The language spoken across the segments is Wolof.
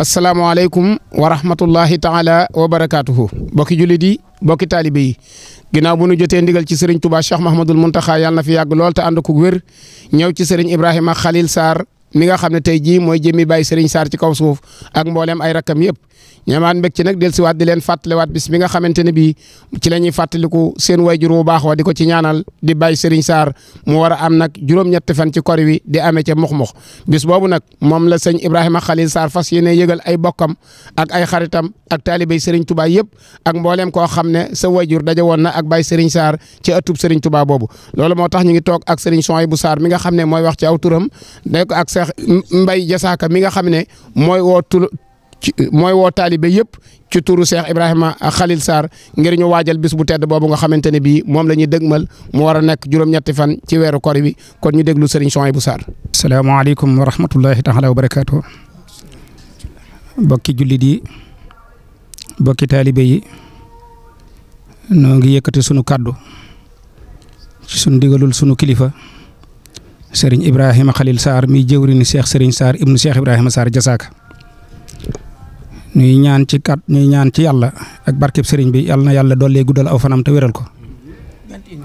asalaamaaleykum wa rahmatullahi taala wa barakaatuhu bokki jullit yi bokki taalibe yi ginnaaw bu nu jotee ndigal ci sëriñ Touba Cheikh Mahmadul Muntaxa yàlla na fi yàgg lool te ànd ko wér ñëw ci sëriñ Ibrahima Khalil saar mi nga xam ne tey jii mooy jëmmi bàyyi sëriñ Sarr ci kaw suuf ak mboolem ay rakkam yëpp. ñamaat mbég ci nag del siwaat di leen fàttalewaat bis bi nga xamante ne bii ci la ñuy fàttaliku seen wayjur bu baax wa di ko ci ñaanal di bàyyi seriñ saar mu war a am nag juróom-ñetti fan ci kor wi di amee ca mux-mux bis boobu nag moom la sëñ Ibrahima Khalil Sarr fas yéene yëgal ay bokkam ak ay xaritam ak taalibey Serigne Touba yëpp ak mbooleem koo xam ne sa wayjur daje woon na ak bàyyi Serigne saar ci ëttub Serigne Touba boobu loolu moo tax ñu ngi toog ak Serigne Souhaïbou Sarr mi nga xam ne mooy wax ci aw turam nekk ak Cheikh Mbaye Jasaaka mi nga xam ne mooy woo ci mooy woo taalibe yëpp ci turu Cheikh Ibrahima Khalil Sarr ngir ñu waajal bis bu tedd boobu nga xamante ne bii moom la ñuy dëgmal mu war a nekk juróom-ñetti fan ci weeru kori bi kon ñu déglu Serigne Souhaïbou Sarr. salaamaaleykum wa rahmatullahi taala wa barakaatu. bokki jullit yi bokki taalibe noo ngi yëkkati sunu kàddu sunu digalul sunu kilifa Serigne Ibrahima Khalil Sarr mi jëwriñu Cheikh Serigne Sarr ibnu Cheikh Ibrahima Sarr jasaaka ñuy ñaan ci kat ñuy ñaan ci yàlla ak barkeb sëriñ bi yàlla na yàlla dollee guddal aw fanam te wéral ko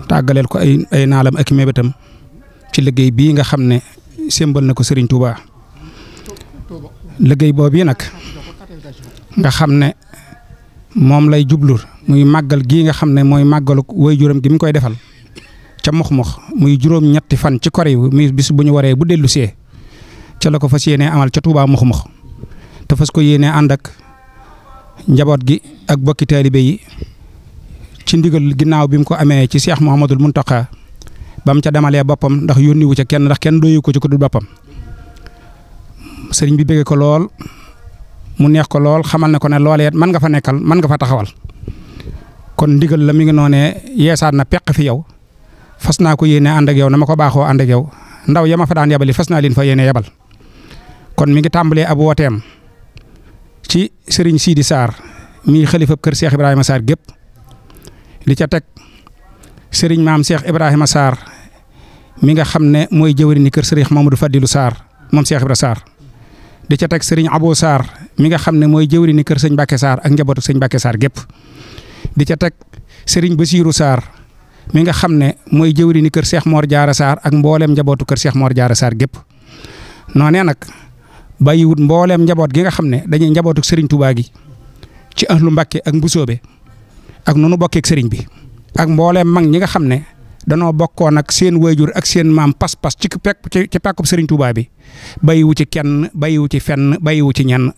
tàggaleel ko ay ay naalam ak mébétam ci liggéey bii nga xam ne sémbal na ko sëriñ Touba liggéey boobi nag nga xam ne moom lay jublu muy màggal gii nga xam ne mooy màggalu waajuram gi mu koy defal ca mox-mox muy juróom-ñetti fan ci kori muy bis bu ñu waree bu dellu see ca la ko fas yéenee amal ca Touba mox-mox te fas ko yéene ànd njaboot gi ak bokki taalibe yi ci ndigal ginnaaw bi mu ko amee ci Cheikh Mouhamadul Mountakha ba mu ca demalee boppam ndax yónni wu ca kenn ndax kenn doyu ko ci ko dul boppam sëriñ bi bëgge ko lool mu neex ko lool xamal na ko ne loolee mën nga fa nekkal mën nga fa taxawal kon ndigal la mi ngi noonee yeesaat na peq fi yow fas naa ko yéene ànd ak yow na ma ko baaxoo ànd ak yow ndaw yama fa daan yabali fas naa leen fa yéene yabal kon mi ngi tàmbalee ab ci sëriñ Sidi Sarr mii xalifab kër Cheikh Ibrahima saar gépp di ca teg sëriñ maam seex Ibrahima saar mi nga xam ne mooy jëwrini kër sëriñ Mamadou Fadilou Sarr moom Cheikh Ibrahima Sarr di ca teg sëriñ Abo Sarr mi nga xam ne mooy jëwriñu kër sëñ Bakke Sarr ak njabootu sëñ Bakke Sarr gépp di ca teg sëriñ Basirou Sarr mi nga xam ne mooy jëwrini kër seex Mor Diarra saar ak mboolem njabootu kër Cheikh Mor Diarra saar gépp noonee nag. bàyyiwut mbooleem njaboot gi nga xam ne dañuy njabootuk sëriñ Touba gi ci ahlu Mbàkke ak Mbusoobe ak nunu bokkeek sëriñ bi ak mbooleem mag ñi nga xam ne danoo bokkoon ak seen wayjur ak seen maam pas-pas ci pekk ci pàkkub sëriñ Touba bi bàyyiwu ci kenn bàyyiwu ci fenn bàyyiwu ci ñenn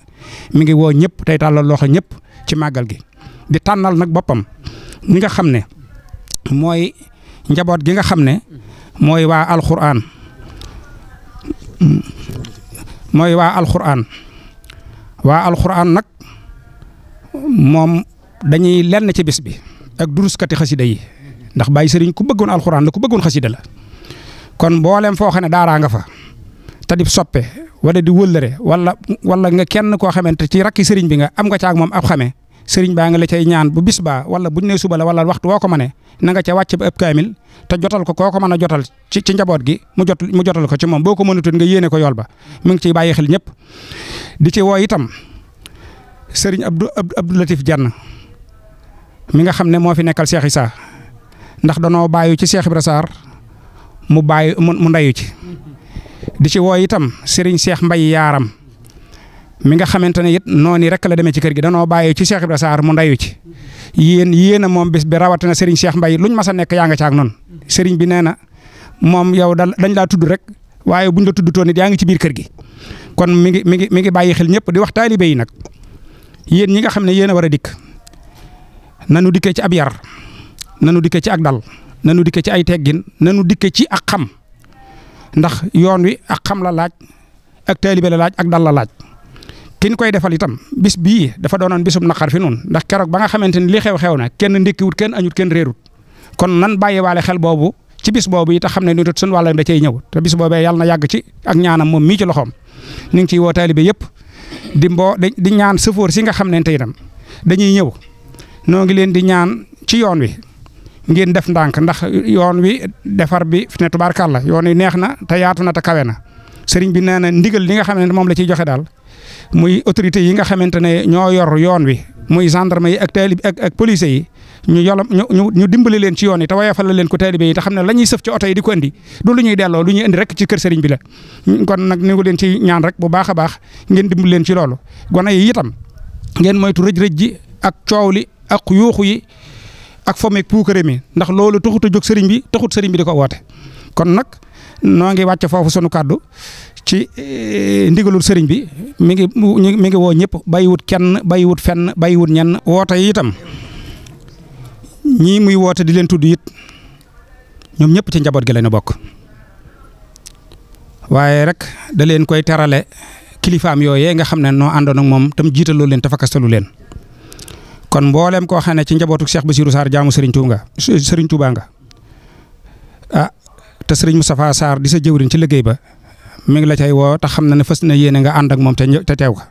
mi ngi woo ñëpp tey tàllal loxo ñëpp ci màggal gi di tànnal nag boppam ñi nga xam ne mooy njaboot gi nga xam ne mooy waa alxuraan mooy waa alxuraan waa alxuraan nag moom dañuy lenn ci bis bi ak duruskati xasida yi ndax Baye Serigne ku bëggoon alxuraan la ku bëggoon xasida la kon mboolem foo xam ne daaraa nga fa te di soppe wala di wëllëre wala wala nga kenn koo xamante ci rakki sëriñ bi nga am nga caag moom ab xame sëriñ baa nga la cay ñaan bu bis baa wala buñ ne suba la wala waxtu woo ko mënee na nga ca wàcc ba ëpp kaamil te jotal ko koo ko mën a jotal ci ci njaboot gi mu jot mu jotal ko ci moom boo ko mënatut nga yéene ko yool ba mu ngi ciy bàyyi xel di ci woo itam sëriñ Abdou Abdou Jann mi nga xam ne moo fi nekkal Cheikh saa ndax danoo bàyyi ci seex bi Sarr mu bàyyi mu ndeyu ci di ci woo itam sëriñ Cheikh Mbay Yaaram. mi nga xamante ne it noonu rek la demee ci kër gi danoo bàyyi ci Cheikh Ibrahima saar mu ndayu ci yéen yéen a moom bis bi rawatina Serigne mbay Mbaye luñ mas a nekk yaa nga caag noonu Serigne bi nee na moom yow dal dañ laa tudd rek waaye buñ la tudd toon it yaa ngi ci biir kër gi kon mi ngi mi ngi mi ngi bàyyi xel ñëpp di wax taalibe nag yéen ñi nga xam ne yéen a war a dikk nanu dikkee ci ab yar nanu dikkee ci ak dal nanu dikkee ci ay teggin nanu dikkee ci ak xam ndax yoon wi ak xam la laaj ak taalibe dal la laaj. ki ñu koy defal itam bis bii dafa doonoon bisum naqar fi nun ndax keroog ba nga xamante ni li xew xew na kenn ndékkiwut kenn añut kenn réerut kon nan bàyyiwaale xel boobu ci bis boobu yi te xam ne ni dot suñu wàllam da cay ñëw te bis boobee yàlla na yàgg ci ak ñaanam moom mii ci loxoom ñu ngi ciy woo taalibe yëpp di mboo di ñaan sëfoor si nga xam ne itam dañuy ñëw noo ngi leen di ñaan ci yoon wi ngeen def ndànk ndax yoon wi defar bi fi ne la yoon wi neex na te yaatu na te kawe na sëriñ bi nee na ndigal li nga xam ne moom la ciy joxe daal muy autorité yi nga xamante ne ñoo yor yoon wi muy gendarme yi ak taalibe ak ak police yi ñu yolam ñu ñu dimbali leen ci yoon yi te wayafal leen ko taalibe yi te xam ne la ñuy sëf ci oto yi di ko indi du lu ñuy delloo lu ñuy indi rek ci kër sëriñ bi la. kon nag ni ngi leen ci ñaan rek bu baax a baax ngeen dimbali leen ci loolu gone yi itam ngeen moytu rëj-rëj ji ak coow li ak yuuxu yi ak fomeeg puukare mi ndax loolu taxut a jóg sëriñ bi taxut sëriñ bi di ko woote noo ngi wàcc foofu sunu kàddu ci eh, ndigalul sëriñ bi mi ngi mi ngi woo ñëpp bàyyiwut kenn wut fenn bàyyiwut ñenn woote yi itam ñii muy woote di leen tudd it ñoom ñëpp ci njaboot gi lañu bokk waaye rek da leen koy terale kilifaam yooyee nga xam ne noo àndoon ak moom tam jiitaloo leen te fakkastalu leen kon mbooleem koo xam ne ci njabootu Cheikh Bassirou Sarr jaamu Serigne Touba ah, te sëriñ Moustapha Sarr di sa jëwriñ ci liggéey ba mi ngi la cay woo te xam na ne fas na yéene nga ànd ak moom te te teew ko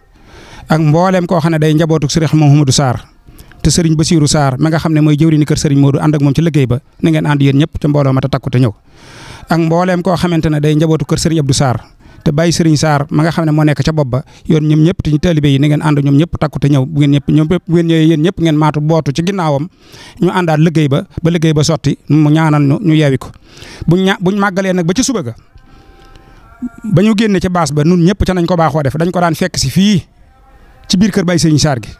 ak mbooleem koo xam ne day njabootu sëriñ Mouhamadou saar te sëriñ Bassirou Sarr mi nga xam ne mooy jëwriñu kër sëriñ Modou du ak moom ci liggéey ba na ngeen ànd yéen ñëpp te mbooloo ma te takku te ñëw ak mbooleem koo xamante ne day njabootu kër sëriñ Abdou saar te bàyyi Serigne Sarr ma nga xam ne moo nekk ca bopp ba yoon ñoom ñëpp te taalibe yi na ngeen ànd ñoom ñëpp takku te ñëw bu ngeen ñëpp ñoom bu ngeen ñëwee yéen ñëpp ngeen maatu bootu ci ginnaawam ñu àndaat liggéey ba ba liggéey ba sotti mu ñaanal ñu ñu yeewi ko buñ ña buñ màggalee nag ba ci suba ga ba ñu génne ca baas ba nun ñëpp ca nañ ko baaxoo def dañ ko daan fekk si fii ci biir kër Baye Serigne saar gi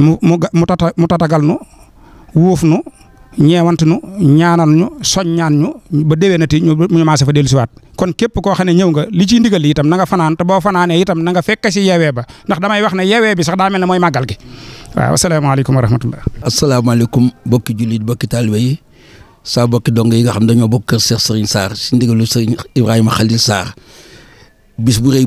mu mu mu mu tatagal nu wuuf nu ñeewant nu ñaanal ñu soññaan ñu ba déwénati ñu ñu maase fa dellusiwaat kon képp koo xam ne ñëw nga li ciy ndigal li itam na nga fanaan te boo fanaanee itam na nga fekk si yeewee ba ndax damay wax ne yeewee bi sax daa ne mooy màggal gi waaw asalaamaaleykum wa rahmatullah. asalaamaaleykum bokki jullit bokki taalibe yi saa bokki dong yi nga xam dañoo bokk kër Cheikh Serigne Sarr si ndigalu Serigne Ibrahima Khalil Sarr bis bu rëy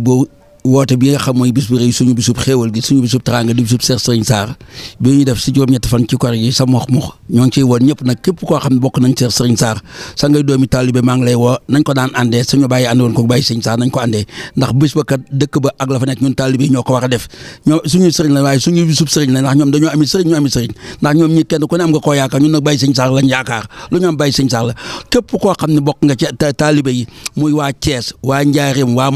woote bi nga xam mooy bis bu rëy suñu bisub xéewal gi suñu bisub teraanga di bisub Seex Sëriñ Saar bi def si juróom-ñetti fan ci kor yi sa mox mox ñoo ngi ciy woon ñëpp nag koo xam ne bokk nañ Seex Sëriñ Saar sa ngay doomi taalibe maa ngi lay woo nañ ko daan àndee suñu bàyyi ànd woon ko bàyyi Sëriñ Saar nañ ko àndee ndax bis ba dëkk ba ak la fa nekk ñun taalibe ñoo ko war a def ñoom suñu sëriñ la waaye ndax ñoom dañoo ami sëriñ ñu ami sëriñ ndax ñoom ñi kenn ku ne am nga koo yaakaar ñun nag bàyyi Sëriñ Saar lañ yaakaar lu ñu am xam ne bokk nga ci taalibe yi muy waa Thiès waa Njaaréem waa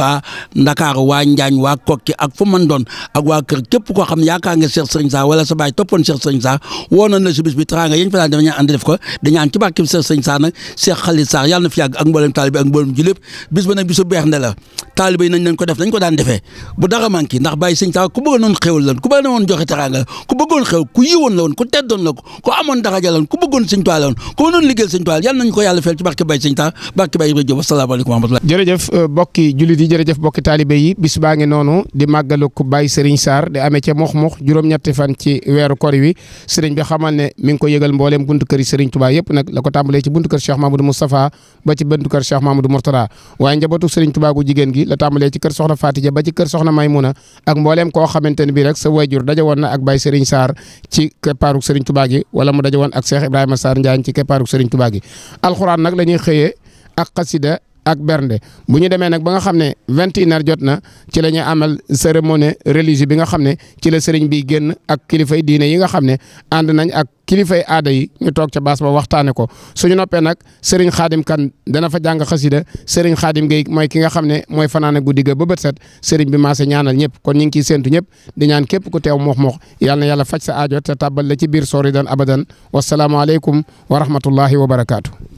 waa Ndakaaru waa Njaañ waa Kokki ak fu doon ak waa kër képp koo xam yaakaar nga Cheikh Serigne Sarr wala toppoon Cheikh Serigne Sarr woo nañ la si bis bi teraanga yéen fa daan dafa ñaan ànd def ko di ñaan ci barkeb Cheikh ko def nañ ko daan defee bu dara ndax Baye Serigne Sarr ku bëggoon xewal lan ku joxe teraanga la la woon ku teddoon ko ku amoon la woon ku bëggoon Serigne la woon ko yàlla feel ci wa rahmatulah jërëjëf euh, mbokki jullit yi jërëjëf bokki taalibe yi bis baa ngi noonu di màggalu ku Baye Serigne di amee ca Mokh-Mokh juróom-ñetti fan ci weeru kor wi sëriñ bi xamal ne mi ngi ko yëgal mbooleem buntu kër yi Serigne Touba yëpp nag la ko tàmbalee ci buntu kër Cheikh Mamadou Moustapha ba ci buntu kër Cheikh Mamadou gi la tàmbalee ci kër Soxna Fatija ba ci kër Soxna ak mbooleem koo xamante ne bi rek sa wayjur daje woon na ak Baye Serigne Sarr ci keppaaruk Serigne Touba gi wala mu daje won ak Cheikh Ibrahima saar Njaañ ci keppaaruk Serigne Touba gi alxuraan nag lañuy ak bernde bu ñu demee nag ba nga xam ne vingt et jot na ci la ñuy amal cérémonie religieuse bi nga xam ne ci la sëriñ bi génn ak kilifay diine yi nga xam ne ànd nañ ak kilifay aada yi ñu toog ca baas ba waxtaane ko suñu noppee nag sëriñ xaadim kan dana fa jàng xasida sëriñ xaadim gay mooy ki nga xam ne mooy fanaane guddi ga ba bët set sëriñ bi maase ñaanal ñëpp kon ñu ngi ciy séntu ñëpp di ñaan képp ku teew moox moox yal na yàlla faj sa aajo te tàbbal la ci biir sori dan abadan wasalaamaaleykum wa rahmatullahi wa barakaatu